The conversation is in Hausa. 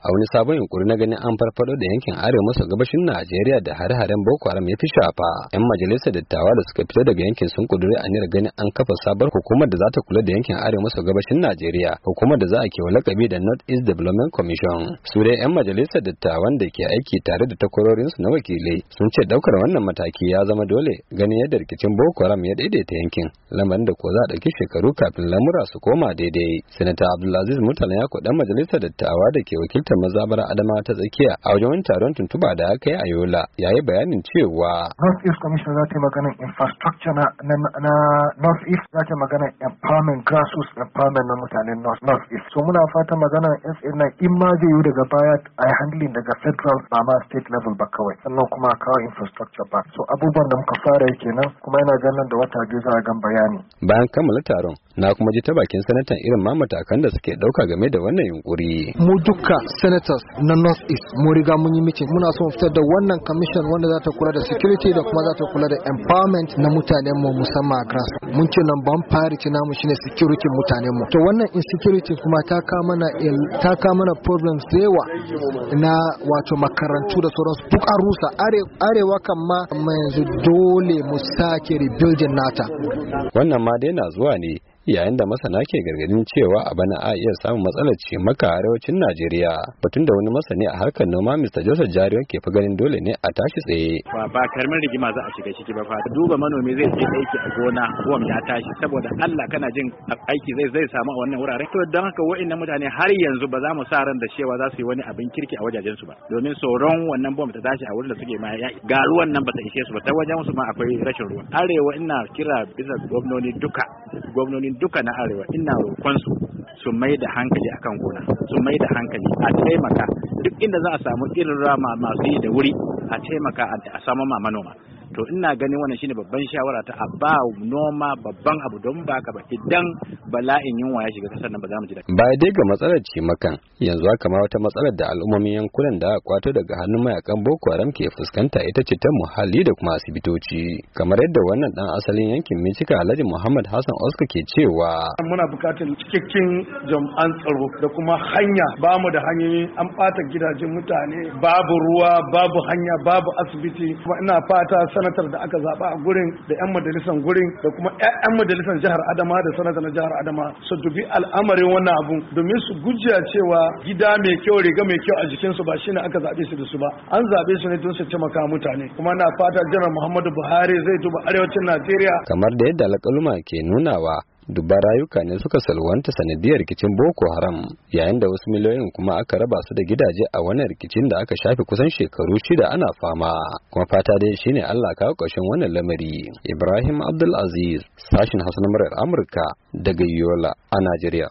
a wani sabon yunkuri na ganin an farfado da yankin arewa maso gabashin najeriya da har haren boko haram ya fi shafa yan majalisar dattawa da suka fito daga yankin sun kuduri aniyar ganin an kafa sabar hukumar da za ta kula da yankin arewa maso gabashin najeriya hukumar da za a kewa lakabi da north east development commission su dai yan majalisar dattawan da ke aiki tare da takwarorinsu na wakilai sun ce daukar wannan mataki ya zama dole ganin yadda rikicin boko haram ya daidaita yankin lamarin da ko za a ɗauki shekaru kafin lamura su koma daidai sanata abdulaziz murtala ya dan majalisar dattawa da ke wakilta wakiltar mazabar adama ta tsakiya a wajen wani taron tuntuba da aka yi a yola ya yi bayanin cewa north east commission za ta yi maganin infrastructure na, na, north east za ta yi maganin empowerment grassroots empowerment na mutanen north, north east so muna fata maganar sa na in ma zai yi daga baya a yi handling daga federal ba ma state level ba kawai sannan kuma a kawo infrastructure ba so abubuwan da muka fara yake nan, kuma yana ganin da wata biyu za a gan bayani bayan kammala taron na kuma ji ta bakin sanatan irin ma matakan da suke dauka game da wannan yunkuri mu duka senators na north east mu riga mun yi meeting muna son fitar da wannan commission wanda za ta kula da security da kuma za ta kula da empowerment na mutanen mu musamman a grass mun ce nan ban priority namu shine security mutanen mu to wannan insecurity kuma ta ka mana ta ka mana problems da na wato makarantu da sauransu duk an rusa arewa kan ma yanzu dole mu sake rebuilding nata wannan ma dai na zuwa ne yayin da masana ke gargadin cewa a bana a iya samun matsalar ce maka arewacin Najeriya batun da wani masani a harkar noma Mr. Joseph Jariyo ke fa ganin dole ne a tashi tsaye ba ba karmin rigima za a shiga ciki ba fa duba manomi zai je aiki a gona ruwan ya tashi saboda Allah kana jin aiki zai zai samu a wannan wuraren to don haka wa'annan mutane har yanzu ba za mu sa ran da cewa za su yi wani abin kirki a wajajen su ba domin tsoron wannan bom ta tashi a wurin da suke ma ga ruwan nan ba ta ishe su ba ta wajen su ma akwai rashin ruwa arewa ina kira bisa gwamnoni duka gwamnonin duka na arewa ina roƙon su su mai da hankali a kan gona su mai da hankali a taimaka duk inda za a samu irin rama masu yi da wuri a taimaka a samu ma manoma to ina ganin wannan shine babban shawara ta a ba noma babban abu don ba ka ba idan bala'in yunwa ya shiga kasar nan ba za mu ji da Ba dai ga matsalar cimakan yanzu haka ma wata matsalar da al'ummomin yankunan da aka kwato daga hannun mayakan boko haram ke fuskanta ita ce ta muhalli da kuma asibitoci kamar yadda wannan dan asalin yankin Michika Alhaji Muhammad Hassan Oscar ke cewa muna buƙatar cikakken jam'an tsaro da kuma hanya ba mu da hanyoyi an ɓata gidajen mutane babu ruwa babu hanya babu asibiti kuma ina fata sana sanatar da aka zaba a gurin da 'yan majalisar gurin da kuma 'yan majalisar jihar adama da sanatar na jihar adama su dubi al'amarin wannan abu domin su gujiya cewa gida mai kyau riga mai kyau a jikinsu ba shine aka zaɓe su da su ba an zaɓe su ne don su taimaka mutane kuma na fata janar muhammadu buhari zai duba arewacin najeriya kamar da yadda alƙaluma ke nunawa dubban rayuka ne suka salwanta sanadiyar rikicin boko haram yayin da wasu miliyoyin kuma aka raba su da gidaje a wannan rikicin da aka shafe kusan shekaru shida ana fama kuma fata dai shine Allah kawo ƙarshen wannan lamari Ibrahim Abdul Aziz sashin Hausa na Amurka daga Yola a Najeriya